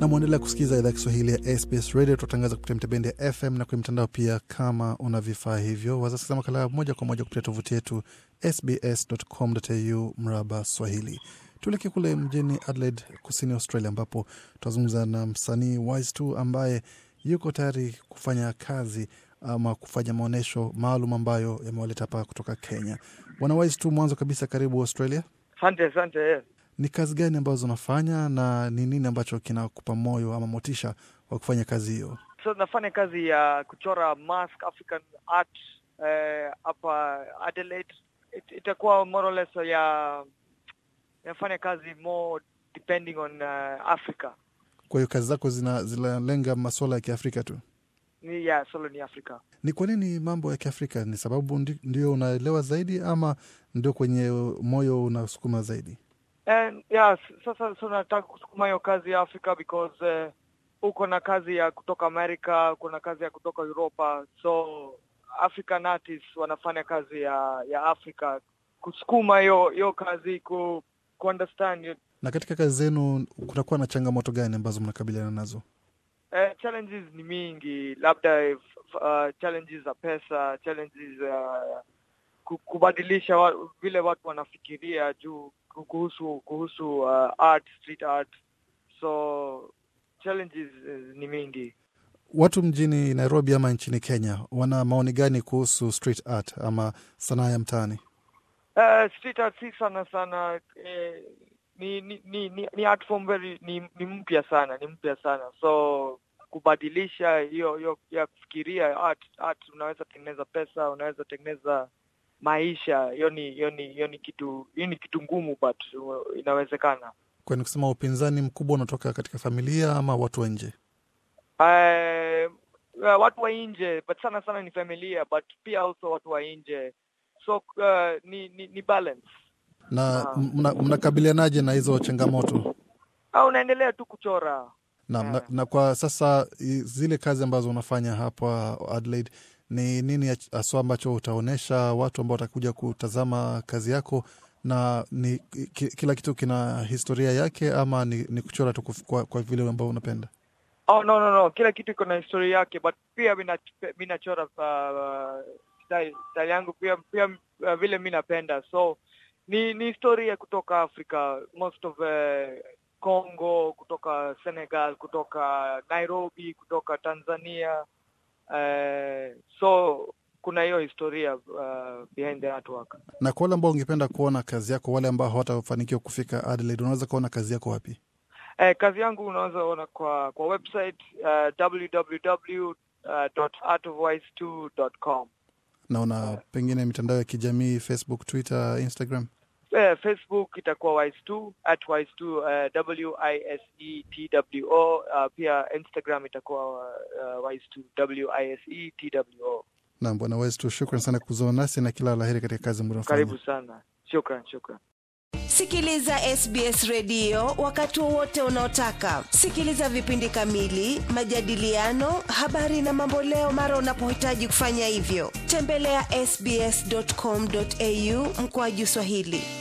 na mwendelea kusikiliza idhaa Kiswahili ya SBS Radio. Tutatangaza kupitia mtebendi ya FM na kwenye mtandao pia. Kama una vifaa hivyo, wazasikiza makala moja kwa moja kupitia tovuti yetu sbs.com.au mraba swahili. Tuelekee kule mjini Adelaide, kusini Australia, ambapo tunazungumza na msanii Wise2 ambaye yuko tayari kufanya kazi ama kufanya maonyesho maalum ambayo yamewaleta hapa kutoka Kenya. Bwana Wise2, mwanzo kabisa, karibu Australia. Asante, asante ni kazi gani ambazo unafanya na ni nini ambacho kinakupa moyo ama motisha wa kufanya kazi hiyo? So, nafanya kazi ya kuchora mask African art eh, hapa eh, Adelaide. It, itakuwa more or less ya nafanya kazi more depending on uh, Africa. Kwa hiyo kazi zako zinalenga masuala ya Kiafrika tu? Ni solo ni Afrika. Ni kwa nini mambo ya Kiafrika? Ni sababu ndio unaelewa zaidi ama ndio kwenye moyo unasukuma zaidi? And yeah, sasa tunataka kusukuma hiyo kazi ya Afrika because uh, uko na kazi ya kutoka Amerika, na kazi ya kutoka Europa, so African artists wanafanya kazi ya ya Afrika kusukuma hiyo hiyo kazi ku, ku understand. Na katika kazi zenu kutakuwa na changamoto gani ambazo mnakabiliana nazo? Uh, challenges ni mingi, labda uh, challenges za pesa, challenges uh, kubadilisha wa, vile watu wanafikiria juu kuhusu kuhusu uh, art, street art. So challenges uh, ni mingi. Watu mjini Nairobi ama nchini Kenya wana maoni gani kuhusu street art ama sanaa ya mtaani? Uh, street art si sana sana eh, ni ni ni, ni, ni art form very ni, ni mpya sana ni mpya sana so kubadilisha hiyo hiyo ya kufikiria art, art unaweza tengeneza pesa, unaweza tengeneza maisha, hiyo ni hiyo ni hiyo ni kitu hiyo ni kitu ngumu, but uh, inawezekana. Kwani kusema upinzani mkubwa unatoka katika familia ama watu wa nje? Eh, uh, watu wa nje, but sana sana ni familia, but pia also watu wa nje, so uh, ni, ni ni balance. Na ah. mnakabilianaje mna na hizo changamoto? Ah, unaendelea tu kuchora na, yeah. Na, na kwa sasa zile kazi ambazo unafanya hapa Adelaide ni nini haswa ambacho utaonyesha watu ambao watakuja kutazama kazi yako na ni kila kitu kina historia yake ama ni, ni kuchora tu kwa, kwa vile ambavyo unapenda? Oh, no, no, no. Kila kitu iko na historia yake, but pia mi nachora uh, style yangu pia, pia uh, vile mi napenda, so ni ni historia kutoka Afrika most of uh, Congo, kutoka Senegal, kutoka Nairobi, kutoka Tanzania Uh, so kuna hiyo historia uh, behind the artwork. Na kwa wale ambao ungependa kuona kazi yako, wale ambao hawatafanikiwa kufika Adelaide, unaweza kuona kazi yako wapi? Eh, kazi yangu unaweza ona kwa kwa website uh, www.artofvoice2.com. Naona uh, pengine mitandao ya kijamii Facebook, Twitter, Instagram Uh, Facebook itakuwa Wise2 at Wise2 uh, eh, w i s e t w o uh, pia Instagram itakuwa uh, Wise2 w i s e t w o. Naam, bwana Wise2, shukran sana kuzungumza nasi na kila laheri katika kazi mnayofanya. Karibu sana, shukran, shukran. Sikiliza SBS redio wakati wowote unaotaka. Sikiliza vipindi kamili, majadiliano, habari na mamboleo mara unapohitaji kufanya hivyo. Tembelea sbs.com.au mkoaji Swahili.